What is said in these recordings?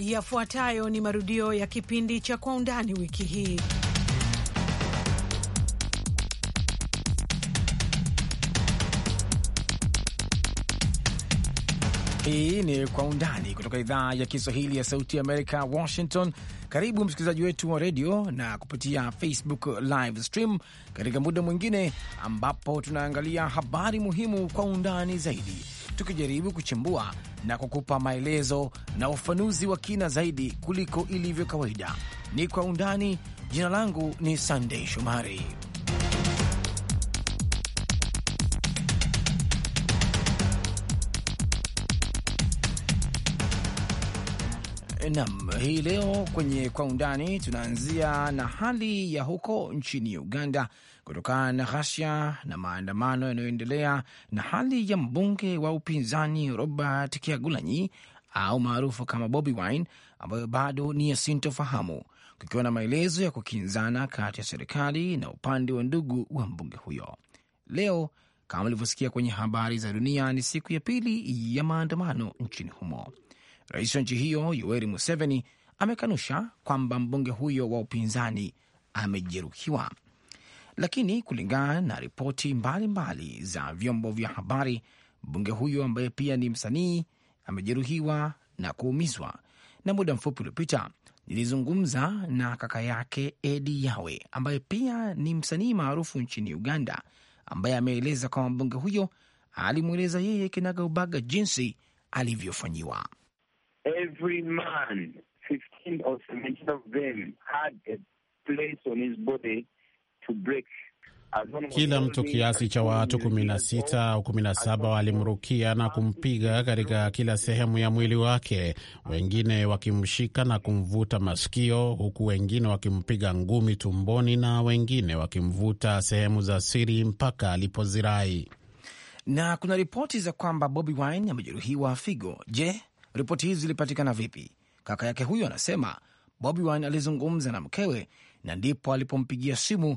Yafuatayo ni marudio ya kipindi cha Kwa Undani wiki hii. Hii ni Kwa Undani kutoka idhaa ya Kiswahili ya Sauti ya Amerika, Washington. Karibu msikilizaji wetu wa redio na kupitia Facebook live stream katika muda mwingine ambapo tunaangalia habari muhimu kwa undani zaidi tukijaribu kuchimbua na kukupa maelezo na ufanuzi wa kina zaidi kuliko ilivyo kawaida. Ni kwa undani. Jina langu ni Sandei Shomari. Nam, hii leo kwenye kwa undani tunaanzia na hali ya huko nchini Uganda kutokana na ghasia na maandamano yanayoendelea na hali ya mbunge wa upinzani Robert kiagulanyi au maarufu kama Bobi Wine, ambayo bado ni yasintofahamu, kukiwa na maelezo ya kukinzana kati ya serikali na upande wa ndugu wa mbunge huyo. Leo kama ulivyosikia kwenye habari za dunia, ni siku ya pili ya maandamano nchini humo. Rais wa nchi hiyo Yoweri Museveni amekanusha kwamba mbunge huyo wa upinzani amejeruhiwa lakini kulingana na ripoti mbalimbali za vyombo vya habari, mbunge huyo ambaye pia ni msanii amejeruhiwa na kuumizwa. Na muda mfupi uliopita nilizungumza na kaka yake Edi Yawe ambaye pia ni msanii maarufu nchini Uganda, ambaye ameeleza kwamba mbunge huyo alimweleza yeye ubaga jinsi alivyofanyiwa. Every man 15 or 17 of them had a place on his body kila mtu kiasi cha watu kumi na sita au kumi na saba walimrukia na kumpiga katika kila sehemu ya mwili wake, wengine wakimshika na kumvuta masikio, huku wengine wakimpiga ngumi tumboni na wengine wakimvuta sehemu za siri mpaka alipozirai. Na kuna ripoti za kwamba Bobi Wine amejeruhiwa figo. Je, ripoti hizi zilipatikana vipi? Kaka yake huyo anasema Bobi Wine alizungumza na mkewe na ndipo alipompigia simu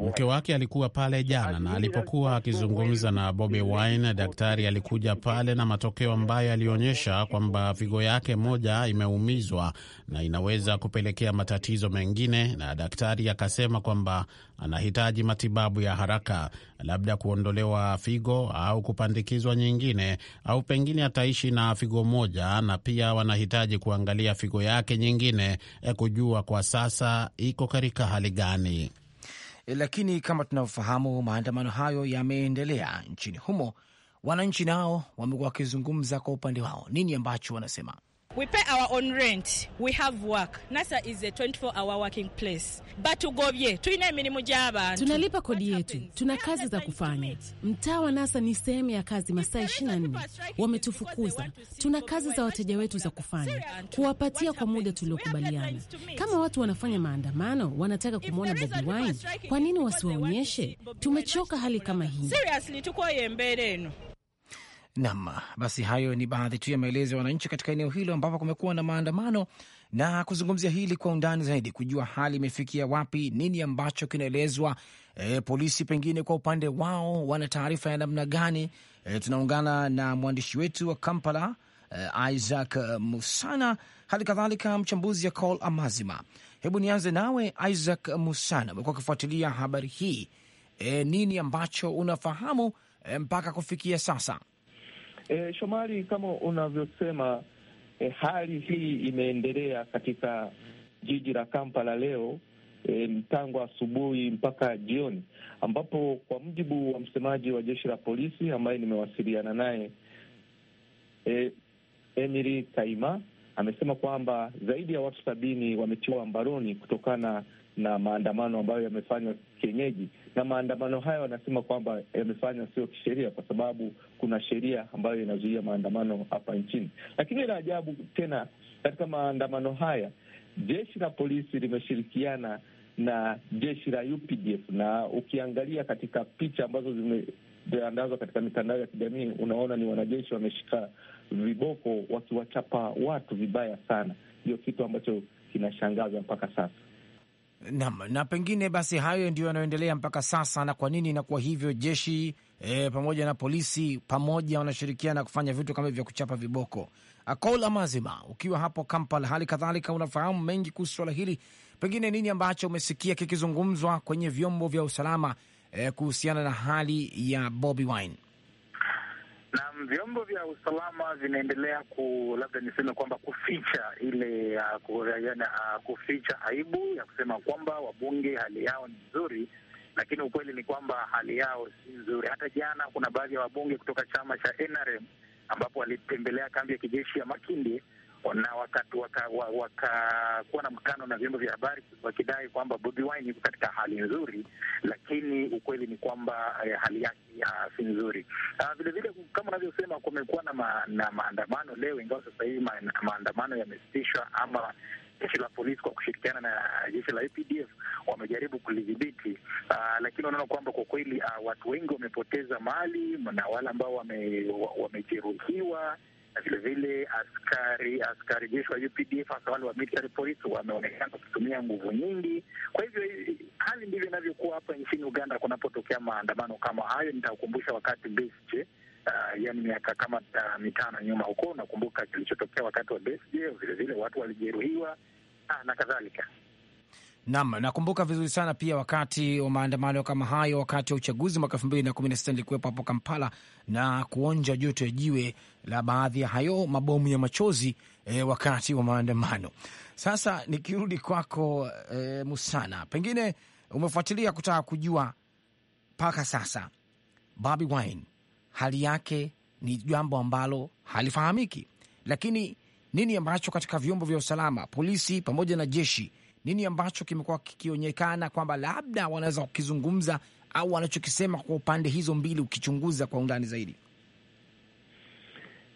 Mke wake alikuwa pale jana, na alipokuwa akizungumza na Bobi Wine, daktari alikuja pale na matokeo ambayo alionyesha kwamba figo yake moja imeumizwa na inaweza kupelekea matatizo mengine, na daktari akasema kwamba anahitaji matibabu ya haraka, labda kuondolewa figo au kupandikizwa nyingine, au pengine ataishi na figo moja, na pia wanahitaji kuangalia figo yake nyingine, eh, kujua kwa sasa iko katika hali gani. Eh, lakini kama tunavyofahamu, maandamano hayo yameendelea nchini humo. Wananchi nao wamekuwa wakizungumza kwa upande wao, nini ambacho wanasema? We pay our own rent. We have work. NASA is a 24 hour working place. Batugobye, tuina mirimu gy'abantu. Tunalipa kodi yetu, tuna kazi za kufanya. Mtaa wa NASA ni sehemu ya kazi masaa 24. Wametufukuza. Tuna kazi za wateja wetu za kufanya, kuwapatia kwa muda tuliokubaliana. Kama watu wanafanya maandamano, wanataka kumwona Bobi Wine, kwa nini wasiwaonyeshe? Tumechoka hali kama hii. Seriously, tuko yembere enu Nam, basi hayo ni baadhi tu ya maelezo ya wananchi katika eneo hilo ambapo kumekuwa na maandamano. Na kuzungumzia hili kwa undani zaidi, kujua hali imefikia wapi, nini ambacho kinaelezwa, e, polisi pengine kwa upande wao wana taarifa ya namna gani? E, tunaungana na mwandishi wetu wa Kampala, e, Isaac Musana, hali kadhalika mchambuzi ya Call Amazima. Hebu nianze nawe Isaac Musana, umekuwa ukifuatilia habari hii, e, nini ambacho unafahamu e, mpaka kufikia sasa? E, Shomari, kama unavyosema e, hali hii imeendelea katika jiji la Kampala leo e, tangu asubuhi mpaka jioni, ambapo kwa mujibu wa msemaji wa jeshi la polisi ambaye nimewasiliana naye e, Emily Kaima amesema kwamba zaidi ya watu sabini wametiwa mbaroni kutokana na maandamano ambayo yamefanywa kienyeji, na maandamano haya wanasema kwamba yamefanywa sio kisheria, kwa sababu kuna sheria ambayo inazuia maandamano hapa nchini. Lakini la ajabu tena, katika maandamano haya jeshi la polisi limeshirikiana na jeshi la UPDF, na ukiangalia katika picha ambazo zimeandazwa katika mitandao ya kijamii, unaona ni wanajeshi wameshika viboko wakiwachapa watu vibaya sana. Ndio kitu ambacho kinashangaza mpaka sasa nam na pengine basi hayo ndio yanayoendelea mpaka sasa. Na kwa nini inakuwa hivyo? Jeshi e, pamoja na polisi pamoja wanashirikiana kufanya vitu kama vya kuchapa viboko. Akola mazima, ukiwa hapo Kampala, hali kadhalika unafahamu mengi kuhusu swala hili, pengine nini ambacho umesikia kikizungumzwa kwenye vyombo vya usalama e, kuhusiana na hali ya Bobi Wine? na vyombo vya usalama vinaendelea ku, labda niseme kwamba kuficha ile uh, kurayana, uh, kuficha aibu ya kusema kwamba wabunge hali yao ni nzuri, lakini ukweli ni kwamba hali yao si nzuri. Hata jana kuna baadhi ya wabunge kutoka chama cha NRM ambapo walitembelea kambi ya kijeshi ya Makindye na wakakuwa waka, waka, na mkano na vyombo vya habari wakidai kwamba Bobi Wine yuko katika hali nzuri, lakini ukweli ni kwamba eh, hali yake ya si nzuri vilevile. Ah, uh, kama unavyosema, kumekuwa na, ma, na maandamano leo, ingawa sasa hivi ma, maandamano yamesitishwa ama jeshi la polisi kwa kushirikiana na jeshi la APDF wamejaribu kulidhibiti, ah, lakini unaona kwamba kwa kweli ah, watu wengi wamepoteza mali na wale ambao wamejeruhiwa wame na vilevile askari askari jeshi wa UPDF hasa wale wa military police wameonekana kutumia nguvu nyingi. Kwa hivyo hali ndivyo inavyokuwa hapa nchini Uganda kunapotokea maandamano kama hayo. Nitakukumbusha wakati Besigye Uh, yani miaka kama uh, mitano nyuma huko, unakumbuka kilichotokea wakati wa Besigye, vilevile watu walijeruhiwa uh, na kadhalika. Naam, nakumbuka vizuri sana pia wakati wa maandamano kama hayo wakati wa uchaguzi mwaka elfu mbili na kumi na sita nilikuwepo hapo Kampala na kuonja joto ya jiwe la baadhi ya hayo mabomu ya machozi e, wakati wa maandamano. Sasa nikirudi kwako e, Musana, pengine umefuatilia kutaka kujua mpaka sasa Bobi Wine hali yake ni jambo ambalo halifahamiki, lakini nini ambacho katika vyombo vya usalama polisi pamoja na jeshi nini ambacho kimekuwa kikionyekana kwamba labda wanaweza kukizungumza au wanachokisema kwa upande hizo mbili, ukichunguza kwa undani zaidi?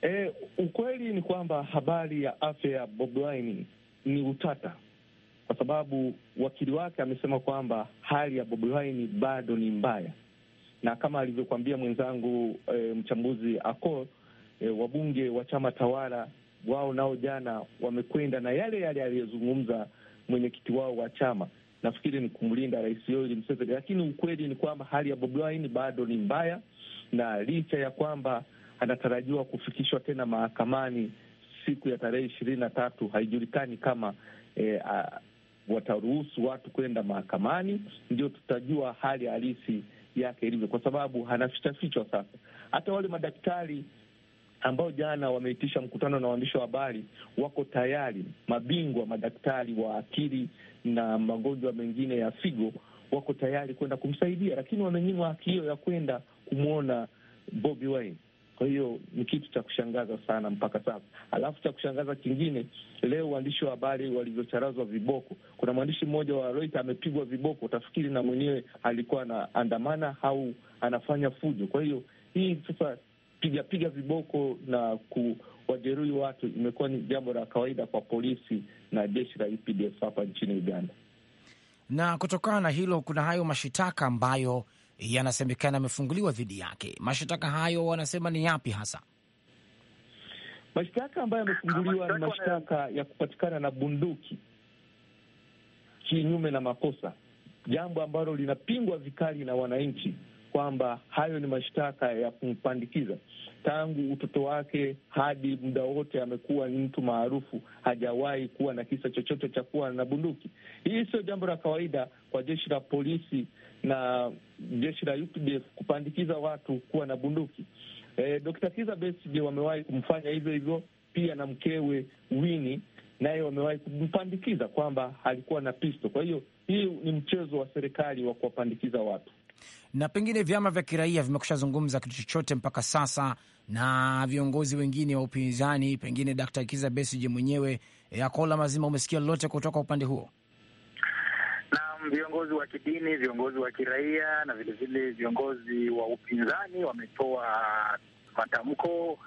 E, ukweli ni kwamba habari ya afya ya Bobi Wine ni utata, kwa sababu wakili wake amesema kwamba hali ya Bobi Wine bado ni mbaya, na kama alivyokuambia mwenzangu e, mchambuzi Ako e, wabunge wa chama tawala wao nao jana wamekwenda na yale yale aliyozungumza mwenyekiti wao wa chama, nafikiri ni kumlinda Rais Yoweri Museveni. Lakini ukweli ni kwamba hali ya Bobi Wine bado ni mbaya, na licha ya kwamba anatarajiwa kufikishwa tena mahakamani siku ya tarehe ishirini na tatu, haijulikani kama e, a, wataruhusu watu kwenda mahakamani, ndio tutajua hali halisi yake ilivyo, kwa sababu anafichafichwa sasa. Hata wale madaktari ambao jana wameitisha mkutano na waandishi wa habari, wako tayari, mabingwa madaktari wa akili na magonjwa mengine ya figo wako tayari kwenda kumsaidia, lakini wamenyimwa haki hiyo ya kwenda kumwona Bobi Wine. Kwa hiyo ni kitu cha kushangaza sana mpaka sasa. Alafu cha kushangaza kingine, leo waandishi wa habari walivyocharazwa viboko. Kuna mwandishi mmoja wa Reuters amepigwa viboko, utafikiri na mwenyewe alikuwa anaandamana au anafanya fujo. Kwa hiyo hii sasa kupigapiga viboko na kuwajeruhi watu imekuwa ni jambo la kawaida kwa polisi na jeshi la UPDF e hapa nchini Uganda. Na kutokana na hilo, kuna hayo mashitaka ambayo yanasemekana yamefunguliwa dhidi yake. Mashitaka hayo wanasema ni yapi hasa? Mashtaka ambayo yamefunguliwa ni mashtaka ya kupatikana na bunduki kinyume na makosa, jambo ambalo linapingwa vikali na wananchi kwamba hayo ni mashtaka ya kumpandikiza tangu utoto wake hadi muda wote amekuwa ni mtu maarufu, hajawahi kuwa na kisa chochote cha kuwa na bunduki. Hii sio jambo la kawaida kwa jeshi la polisi na jeshi la UPDF kupandikiza watu kuwa na bunduki. E, Dkt. Kizza Besigye wamewahi kumfanya hivyo hivyo, pia na mkewe Winnie naye wamewahi kumpandikiza kwamba alikuwa na pisto. Kwa hiyo hii ni mchezo wa serikali wa kuwapandikiza watu. Na pengine vyama vya kiraia vimekushazungumza kitu chochote mpaka sasa na viongozi wengine wa upinzani, pengine Dkt. Kiza mwenyewe, eh, Akola Mazima, umesikia lolote kutoka upande huo? Naam, viongozi wa kidini, viongozi wa kiraia na vilevile viongozi wa upinzani wametoa matamko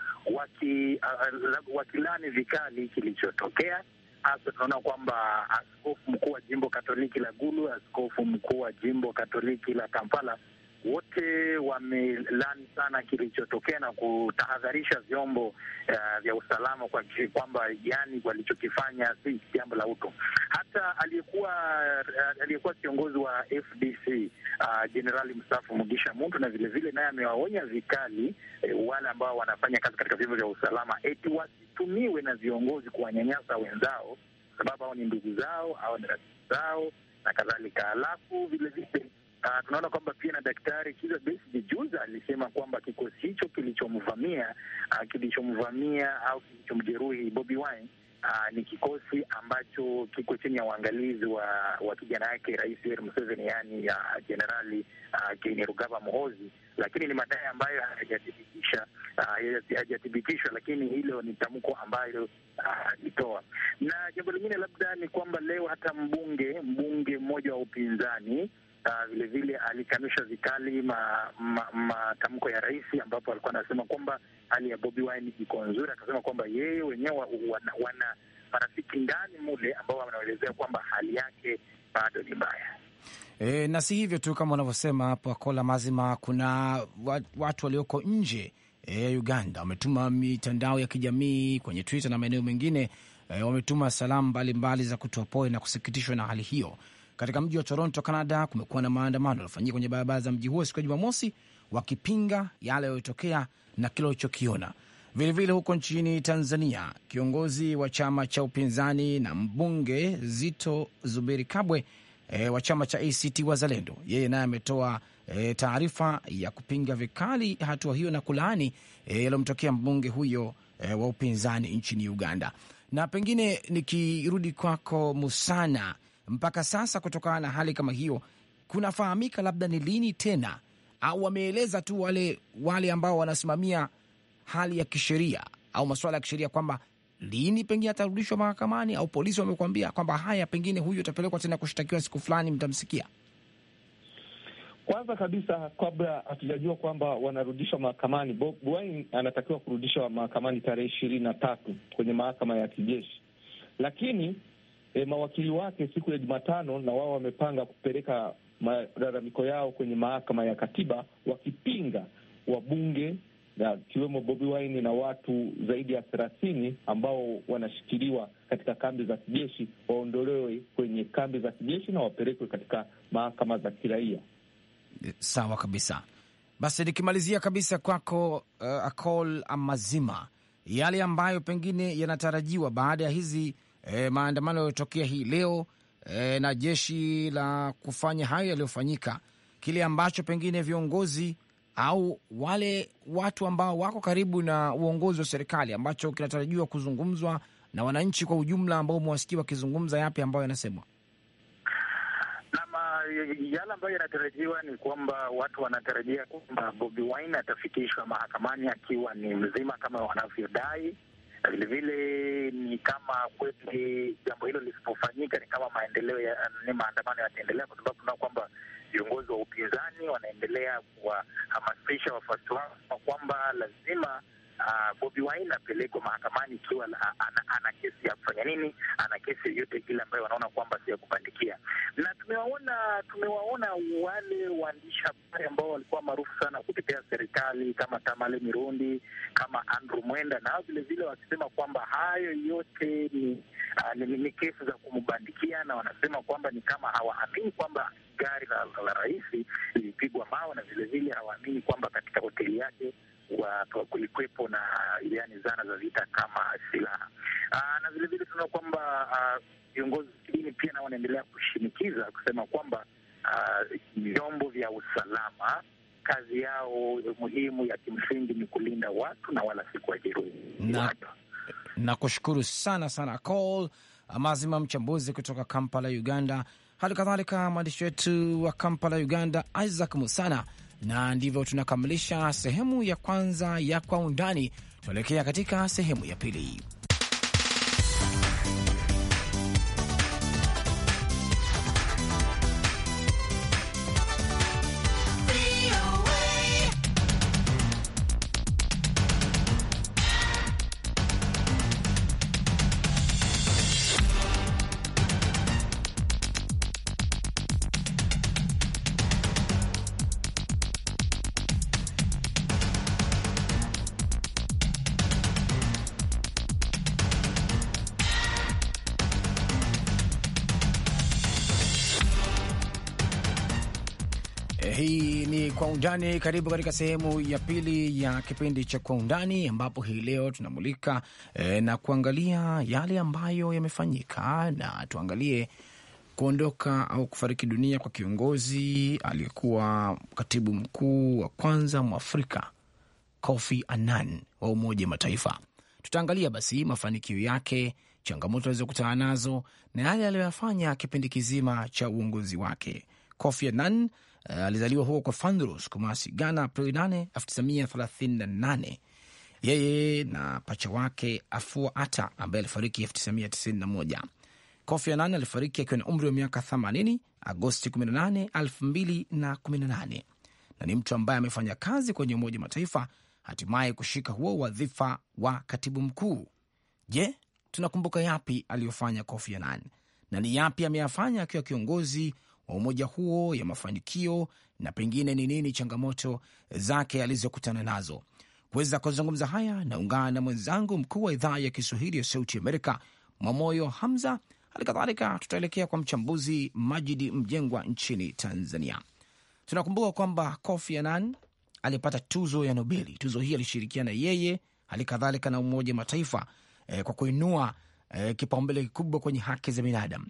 wakilani vikali kilichotokea hasa tunaona kwamba askofu mkuu wa jimbo Katoliki la Gulu, askofu mkuu wa jimbo Katoliki la Kampala wote wamelani sana kilichotokea na kutahadharisha vyombo uh, vya usalama kwa kwamba yani walichokifanya si jambo la utu. Hata aliyekuwa uh, aliyekuwa kiongozi wa FDC jenerali ah, uh, mstaafu Mugisha Muntu na vilevile naye amewaonya vikali uh, wale ambao wanafanya kazi katika vyombo vya usalama eti wasitumiwe na viongozi kuwanyanyasa wenzao, sababu hao ni ndugu zao au ni rafiki zao na kadhalika. Alafu vilevile Uh, tunaona kwamba pia na Daktari Kizza Besigye juza alisema kwamba kikosi hicho kilichomvamia uh, kilichomvamia au kilichomjeruhi Bobi Wine uh, ni kikosi ambacho kiko chini ya uangalizi wa wa kijana yake Rais Yoweri Museveni, yaani ya uh, Jenerali uh, Kainerugaba Muhoozi, lakini ni madai ambayo hayajathibitisha hajathibitishwa, uh, lakini hilo ni tamko ambayo alitoa. Uh, na jambo lingine labda ni kwamba leo hata mbunge mbunge mmoja wa upinzani Vilevile uh, alikanusha vikali matamko ma, ma ya rais ambapo alikuwa anasema kwamba hali ya Bobi Wine iko nzuri. Akasema kwamba yeye wenyewe wana, wana marafiki ndani mule ambao wanaelezea kwamba hali yake bado ni mbaya. E, na si hivyo tu kama wanavyosema hapo Akola mazima, kuna watu walioko nje ya e, Uganda wametuma mitandao ya kijamii kwenye Twitter na maeneo mengine e, wametuma salamu mbalimbali za kutoa pole na kusikitishwa na hali hiyo katika mji wa Toronto, Canada, kumekuwa na maandamano yaliyofanyika kwenye barabara za mji huo siku ya Jumamosi wakipinga yale yaliyotokea na kile walichokiona. Vilevile huko nchini Tanzania, kiongozi wa chama cha upinzani na mbunge Zito Zuberi Kabwe e, wa chama cha ACT Wazalendo, yeye naye ametoa e, taarifa ya kupinga vikali hatua hiyo na kulaani e, yaliyomtokea mbunge huyo e, wa upinzani nchini Uganda. Na pengine nikirudi kwako Musana, mpaka sasa kutokana na hali kama hiyo, kunafahamika labda ni lini tena, au wameeleza tu wale wale ambao wanasimamia hali ya kisheria au masuala ya kisheria kwamba lini pengine atarudishwa mahakamani, au polisi wamekuambia kwamba haya, pengine huyu atapelekwa tena kushtakiwa siku fulani, mtamsikia? Kwanza kabisa kabla hatujajua kwamba wanarudishwa mahakamani, Bob Wine anatakiwa kurudishwa mahakamani tarehe ishirini na tatu kwenye mahakama ya kijeshi, lakini e, mawakili wake siku ya Jumatano na wao wamepanga kupeleka malalamiko yao kwenye mahakama ya katiba wakipinga wabunge akiwemo Bobi Wine na watu zaidi ya thelathini ambao wanashikiliwa katika kambi za kijeshi waondolewe kwenye kambi za kijeshi na wapelekwe katika mahakama za kiraia. Eh, sawa kabisa. Basi nikimalizia kabisa kwako, uh, Akol Amazima, yale ambayo pengine yanatarajiwa baada ya hizi e, maandamano yaliyotokea hii leo e, na jeshi la kufanya hayo yaliyofanyika, kile ambacho pengine viongozi au wale watu ambao wako karibu na uongozi wa serikali ambacho kinatarajiwa kuzungumzwa na wananchi kwa ujumla, ambao umewasikia wakizungumza, yapi ambayo yanasemwa? Yale ambayo yanatarajiwa ni kwamba watu wanatarajia kwamba Bobi Wine atafikishwa mahakamani akiwa ni mzima kama wanavyodai, vile vile ni kama kweli jambo hilo lisipofanyika, ni kama maendeleo ya ni maandamano yataendelea, kwa sababu tunaona kwamba viongozi wa upinzani wanaendelea kuwahamasisha wafuasi wao kwamba lazima uh, Bobi Wine apelekwe mahakamani ikiwa ana, ana kesi ya kufanya nini, ana kesi yoyote ile ambayo wanaona kwamba si ya kubandikia. Na tumewaona tumewaona wale waandishi habari ambao walikuwa maarufu sana kutetea serikali kama Tamale Mirundi, kama Andrew Mwenda, nao vilevile wakisema kwamba hayo yote ni, uh, ni, ni kesi za kumbandikia, na wanasema kwamba ni kama hawaamini kwamba gari la, la, la rais lilipigwa mawe na vilevile hawaamini kwamba katika hoteli yake kulikwepo na yani zana za vita kama silaha ah, na vilevile tunaona kwamba ah, viongozi uh, dini pia nao wanaendelea kushinikiza kusema kwamba ah, vyombo uh, vya usalama kazi yao muhimu ya kimsingi ni kulinda watu na wala si kuwajeruhi na, na kushukuru sana sana Col Amazima, mchambuzi kutoka Kampala, Uganda. Hali kadhalika mwandishi wetu wa Kampala, Uganda, Isaac Musana na ndivyo tunakamilisha sehemu ya kwanza ya Kwa Undani. Tuelekea katika sehemu ya pili. Hii ni Kwa Undani. Karibu katika sehemu ya pili ya kipindi cha Kwa Undani, ambapo hii leo tunamulika e, na kuangalia yale ambayo yamefanyika, na tuangalie kuondoka au kufariki dunia kwa kiongozi aliyekuwa katibu mkuu wa kwanza mwafrika Kofi Annan wa Umoja wa Mataifa. Tutaangalia basi mafanikio yake, changamoto alizokutana nazo na yale aliyoyafanya kipindi kizima cha uongozi wake. Kofi Annan Eh, alizaliwa huko kwa Fandros, Kumasi, Ghana, Aprili 8, 1938 yeye na pacha wake Afua Ata ambaye alifariki 1991. Kofi Annan alifariki akiwa na umri wa miaka 80 Agosti 18, 2018, na ni mtu ambaye amefanya kazi kwenye Umoja Mataifa, hatimaye kushika huo wadhifa wa katibu mkuu. Je, tunakumbuka yapi aliyofanya Kofi Annan na ni yapi ameyafanya akiwa kiongozi wa umoja huo ya mafanikio na pengine ni nini changamoto zake alizokutana nazo. Kuweza kuzungumza haya, naungana na mwenzangu mkuu wa idhaa ya Kiswahili ya Sauti Amerika, Mwamoyo Hamza. Hali kadhalika tutaelekea kwa mchambuzi Majidi Mjengwa nchini Tanzania. Tunakumbuka kwamba Kofi Annan alipata tuzo ya Nobeli. Tuzo hii alishirikiana yeye, hali kadhalika na Umoja Mataifa eh, kwa kuinua eh, kipaumbele kikubwa kwenye haki za binadamu.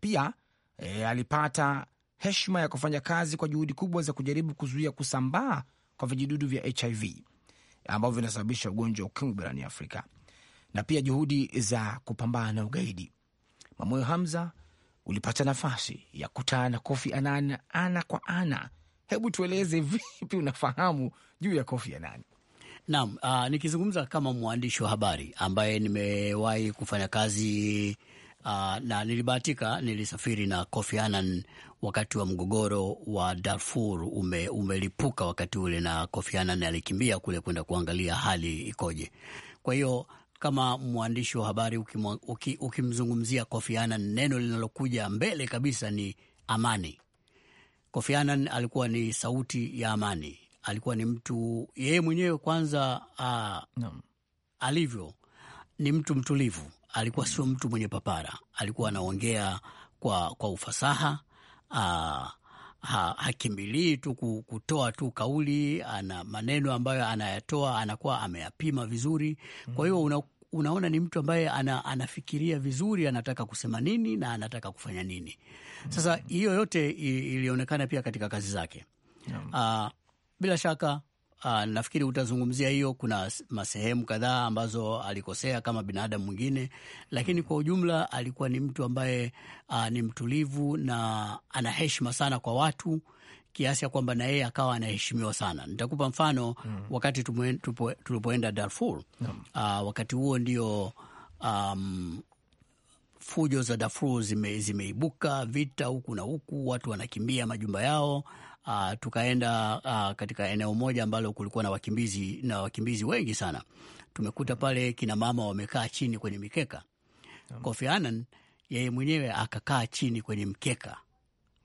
Pia e, alipata heshima ya kufanya kazi kwa juhudi kubwa za kujaribu kuzuia kusambaa kwa vijidudu vya HIV ambavyo vinasababisha ugonjwa wa ukimwi barani Afrika na pia juhudi za kupambana na ugaidi. Mamoyo Hamza, ulipata nafasi ya kutana na Kofi Annan ana kwa ana. Hebu tueleze vipi unafahamu juu ya Kofi Annan? Naam, uh, nikizungumza kama mwandishi wa habari ambaye nimewahi kufanya kazi Uh, na nilibahatika nilisafiri na Kofi Annan wakati wa mgogoro wa Darfur ume, umelipuka wakati ule, na Kofi Annan alikimbia kule kwenda kuangalia hali ikoje. Kwa hiyo kama mwandishi wa habari ukimzungumzia uki, uki Kofi Annan, neno linalokuja mbele kabisa ni amani. Kofi Annan alikuwa ni sauti ya amani, alikuwa ni mtu yeye mwenyewe kwanza, uh, ah, no. alivyo ni mtu mtulivu alikuwa sio mtu mwenye papara, alikuwa anaongea kwa, kwa ufasaha aa, ha, hakimbilii tu kutoa tu kauli, ana maneno ambayo anayatoa anakuwa ameyapima vizuri. Kwa hiyo una, unaona ni mtu ambaye ana, anafikiria vizuri anataka kusema nini na anataka kufanya nini. Sasa hiyo yote ilionekana pia katika kazi zake. Aa, bila shaka Uh, nafikiri utazungumzia hiyo. Kuna masehemu kadhaa ambazo alikosea kama binadamu mwingine, lakini kwa ujumla alikuwa ni mtu ambaye uh, ni mtulivu na ana heshima sana kwa watu kiasi ya kwamba na yeye akawa anaheshimiwa sana. Nitakupa mfano mm. wakati tulipoenda Darfur mm. uh, wakati huo ndio um, fujo za Darfur zime, zimeibuka vita huku na huku, watu wanakimbia majumba yao uh, tukaenda uh, katika eneo moja ambalo kulikuwa na wakimbizi na wakimbizi wengi sana. Tumekuta pale kina mama wamekaa chini kwenye mikeka. Kofi Annan yeye mwenyewe akakaa chini kwenye mkeka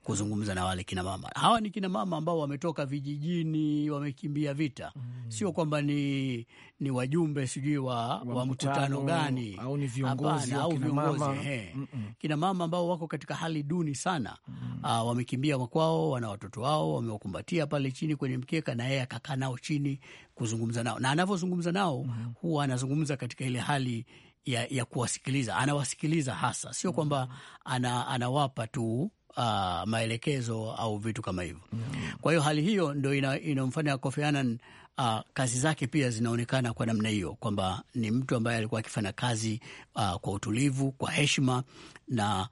kuzungumza na wale kina mama. Hawa ni kina mama ambao wametoka vijijini, wamekimbia vita mm. Sio kwamba ni, ni wajumbe sijui wa, wa, mkutano gani au ni viongozi au viongozi mm -mm. Kina mama ambao wako katika hali duni sana mm. Aa, ah, wamekimbia makwao, wana watoto wao, wamewakumbatia pale chini kwenye mkeka, na yeye akakaa nao chini kuzungumza nao, na anavyozungumza nao mm. huwa anazungumza katika ile hali ya, ya kuwasikiliza, anawasikiliza hasa, sio kwamba mm-hmm. ana, anawapa tu uh, maelekezo au vitu kama hivyo mm -hmm. Kwa hiyo hali hiyo ndo inamfanya ina Kofi Annan uh, kazi zake pia zinaonekana kwa namna hiyo kwamba ni mtu ambaye alikuwa akifanya kazi uh, kwa utulivu, kwa heshima na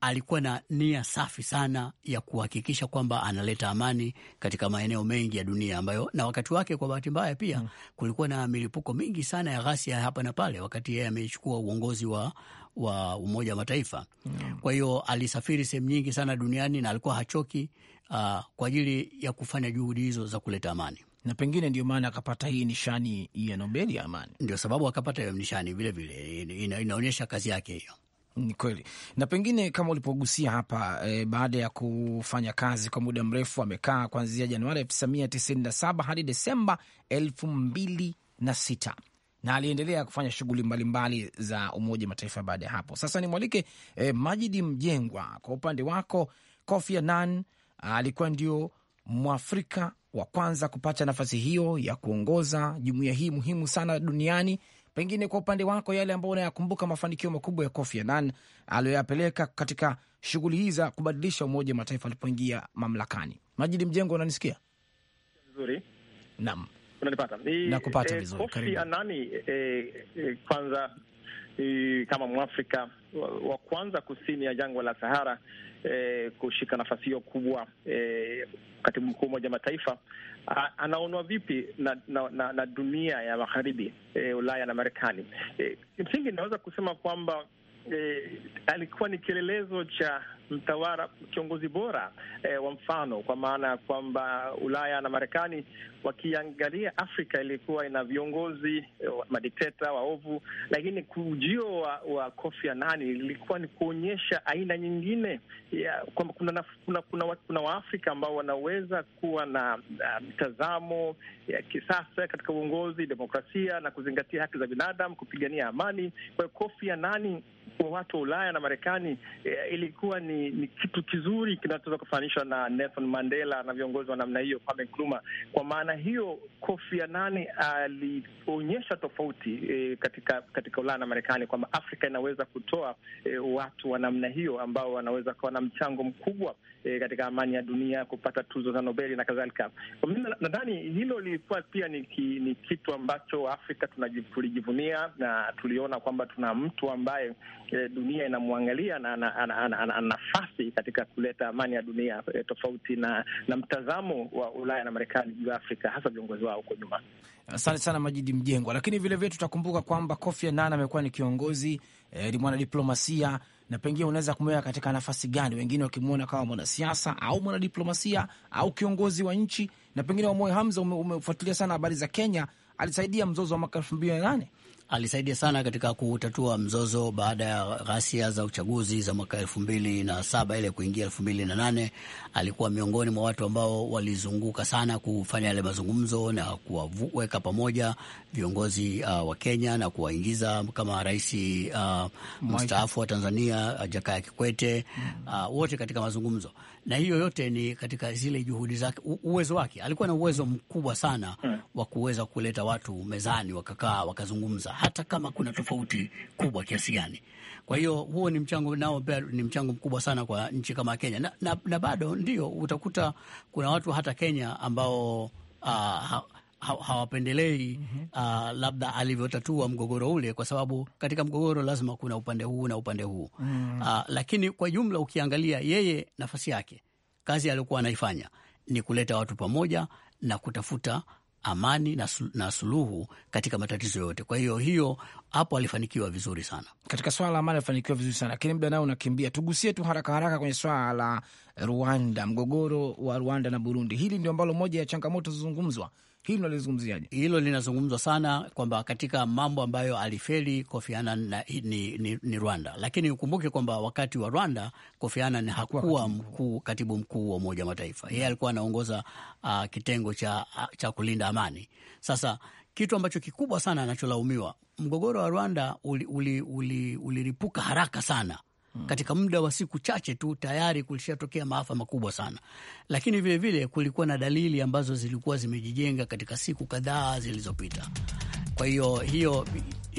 alikuwa na nia safi sana ya kuhakikisha kwamba analeta amani katika maeneo mengi ya dunia ambayo, na wakati wake, kwa bahati mbaya pia mm. kulikuwa na milipuko mingi sana ya ghasia hapa na pale, wakati yeye amechukua uongozi wa wa Umoja wa Mataifa mm. Kwa hiyo alisafiri sehemu nyingi sana duniani na alikuwa hachoki uh, kwa ajili ya kufanya juhudi hizo za kuleta amani na pengine ndio maana akapata hii nishani ya Nobeli ya amani, ndio sababu akapata hiyo nishani vilevile. Ina, inaonyesha kazi yake hiyo. Ni kweli, na pengine kama ulipogusia hapa e, baada ya kufanya kazi kwa muda mrefu amekaa kuanzia Januari 1997 hadi Desemba elfu mbili na sita na aliendelea kufanya shughuli mbalimbali za Umoja wa Mataifa baada ya hapo. Sasa nimwalike eh, Majidi Mjengwa. Kwa upande wako, Kofi Annan ah, alikuwa ndio Mwafrika wa kwanza kupata nafasi hiyo ya kuongoza jumuiya hii muhimu sana duniani. Pengine kwa upande wako, yale ambayo unayakumbuka mafanikio makubwa ya Kofi Annan aliyoyapeleka katika shughuli hii za kubadilisha Umoja wa Mataifa alipoingia mamlakani. Majidi Mjengwa, unanisikia vizuri? Naam unanipata? Nakupata e, vizuri. Kofi Anani e, eh, e, eh, kwanza e, kama Mwafrika wa, wa kwanza kusini ya jangwa la Sahara e, kushika nafasi hiyo kubwa e, katibu mkuu wa Umoja Mataifa anaonwa vipi na, na, na, na dunia ya magharibi e, Ulaya na Marekani? E, msingi inaweza kusema kwamba eh, alikuwa ni kielelezo cha mtawara kiongozi bora eh, wa mfano, kwa maana ya kwamba Ulaya na Marekani wakiangalia Afrika ilikuwa ina viongozi eh, madikteta waovu, lakini ujio wa, wa Kofi Annan ilikuwa ni kuonyesha aina nyingine ya kwamba kuna, kuna, kuna, kuna Waafrika ambao wanaweza kuwa na ah, mtazamo ya kisasa katika uongozi, demokrasia na kuzingatia haki za binadamu, kupigania amani. Kwa hiyo Kofi Annan kwa watu wa Ulaya na Marekani eh, ilikuwa ni, ni kitu kizuri kinachoweza kufananishwa na Nelson Mandela na viongozi wa namna hiyo, Kwame Nkrumah. Kwa maana hiyo Kofi Annan alionyesha tofauti eh, katika katika Ulaya na Marekani kwamba Afrika inaweza kutoa eh, watu wa namna hiyo ambao wanaweza kuwa na mchango mkubwa e, katika amani ya dunia, kupata tuzo za Nobeli na kadhalika. mimi nadhani hilo lilikuwa pia ni, ki, ni kitu ambacho Afrika tulijivunia na tuliona kwamba tuna mtu ambaye e, dunia inamwangalia na ana nafasi ana, ana, ana, nafasi katika kuleta amani ya dunia e, tofauti na, na mtazamo wa Ulaya na Marekani juu ya Afrika, hasa viongozi wao huko nyuma. Asante sana Majidi Mjengwa, lakini vilevile tutakumbuka kwamba Kofi Annan amekuwa ni kiongozi ni e, mwanadiplomasia na pengine unaweza kumweka katika nafasi gani, wengine wakimwona kama mwanasiasa au mwanadiplomasia au kiongozi wa nchi. Na pengine Wamoyo Hamza, umefuatilia sana habari za Kenya, alisaidia mzozo wa mwaka elfu mbili na nane alisaidia sana katika kutatua mzozo baada ya ghasia za uchaguzi za mwaka elfu mbili na saba ile kuingia elfu mbili na nane Alikuwa miongoni mwa watu ambao walizunguka sana kufanya yale mazungumzo na kuwaweka pamoja viongozi uh, wa Kenya na kuwaingiza kama rais uh, mstaafu wa Tanzania uh, Jakaya Kikwete mm. uh, wote katika mazungumzo, na hiyo yote ni katika zile juhudi zake, uwezo wake. Alikuwa na uwezo mkubwa sana mm. wa kuweza kuleta watu mezani, wakakaa wakazungumza hata kama kuna tofauti kubwa kiasi gani. Kwa hiyo huo ni mchango nao pia ni mchango mkubwa sana kwa nchi kama Kenya na, na, na bado ndio utakuta kuna watu hata Kenya ambao uh, hawapendelei ha, mhm. uh, labda alivyotatua mgogoro ule, kwa sababu katika mgogoro lazima kuna upande huu na upande huu mm. Uh, lakini kwa jumla ukiangalia yeye nafasi yake, kazi aliyokuwa anaifanya ni kuleta watu pamoja na kutafuta amani na, sul na suluhu katika matatizo yote. Kwa hiyo hiyo hapo alifanikiwa vizuri sana katika swala la amani, alifanikiwa vizuri sana lakini muda nao unakimbia. Tugusie tu haraka haraka kwenye swala la Rwanda, mgogoro wa Rwanda na Burundi. Hili ndio ambalo moja ya changamoto zizungumzwa hili nalizungumziaje? Hilo linazungumzwa sana kwamba katika mambo ambayo alifeli Kofi Annan ni, ni, ni Rwanda, lakini ukumbuke kwamba wakati wa Rwanda Kofi Annan hakuwa mkuu, katibu mkuu wa Umoja wa Mataifa. Yeye alikuwa anaongoza uh, kitengo cha, ah, cha kulinda amani. Sasa kitu ambacho kikubwa sana anacholaumiwa, mgogoro wa Rwanda uliripuka uli, uli, uli haraka sana Mm. Katika muda wa siku chache tu tayari kulishatokea maafa makubwa sana, lakini vilevile vile kulikuwa na dalili ambazo zilikuwa zimejijenga katika siku kadhaa zilizopita. Kwa hiyo hiyo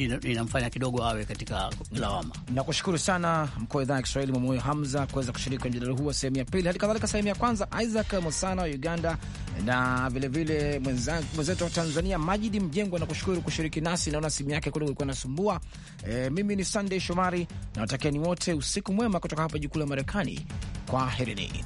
inamfanya kidogo awe katika lawama. Nakushukuru sana mkuu wa idhaa ya Kiswahili Mwamoyo Hamza kuweza kushiriki kwenye mjadala huu wa sehemu ya pili, hadi kadhalika sehemu ya kwanza Isaac Musana wa Uganda na vilevile mwenzetu wa Tanzania Majidi Mjengwa. Nakushukuru kushiriki nasi, naona simu yake kule ilikuwa inasumbua. E, mimi ni Sunday Shomari, nawatakia ni wote usiku mwema kutoka hapa jukuu la Marekani. kwa herini.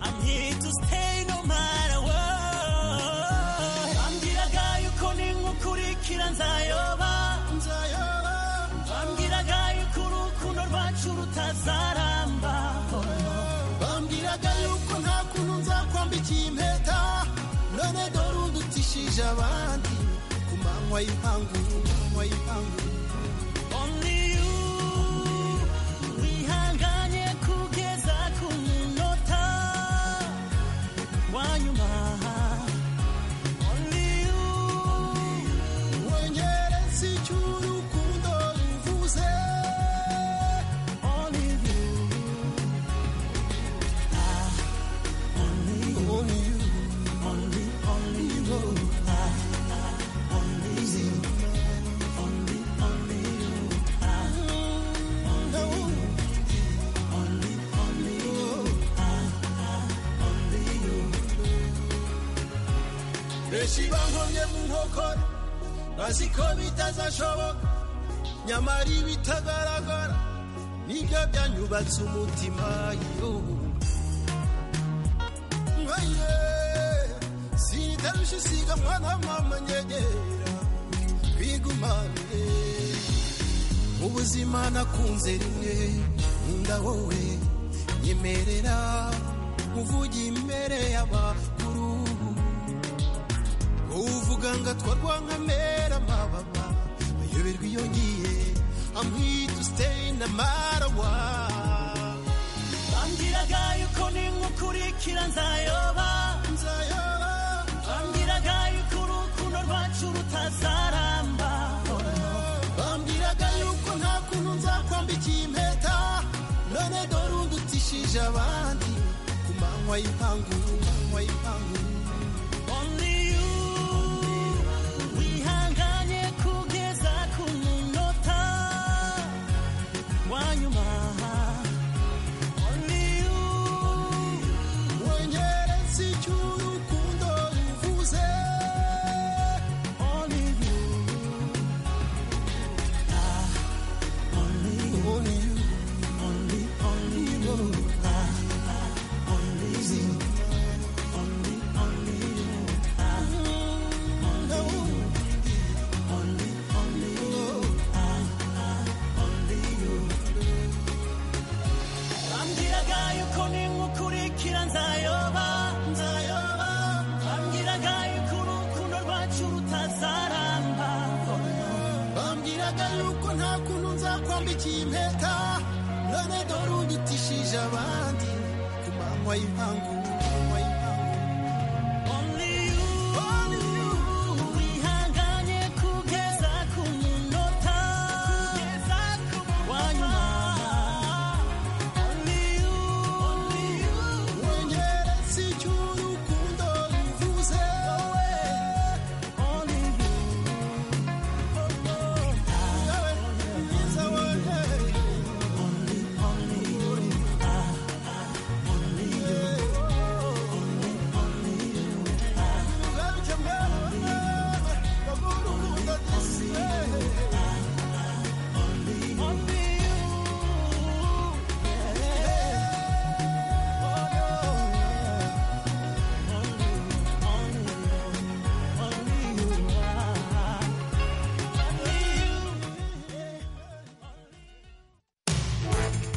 I'm here to stay no matter what bambwiraga yuko ninkukurikira nzayoba bambwiraga yuko urukundo rwacu rutazaramba bambwiraga yuko nta kuntu nzakwambikiye impeta none dore undutishije abandi ku manywa y'ipangu ku manywa y'ipangu benshi bankomye mu nkokora bazi ko bitazashoboka nyamara ibitagaragara nibyo byanyubatse umutima y'igihugu sindarusha isiga mwana mama nyegera bigumane ubuzima nakunze rimwe nkunda wowe nyemerera uvuge imbere y'abantu muganga twarwa here to ayoberwa iyo ngiye matter usiteye na marawa bambwiraga yuko ninkukurikira nzayoba nzayoba bambwiraga yuko urukundo rwacu rutazaramba bambwiraga yuko nta kuntu nzakwambikiye impeta none dore undutishije abandi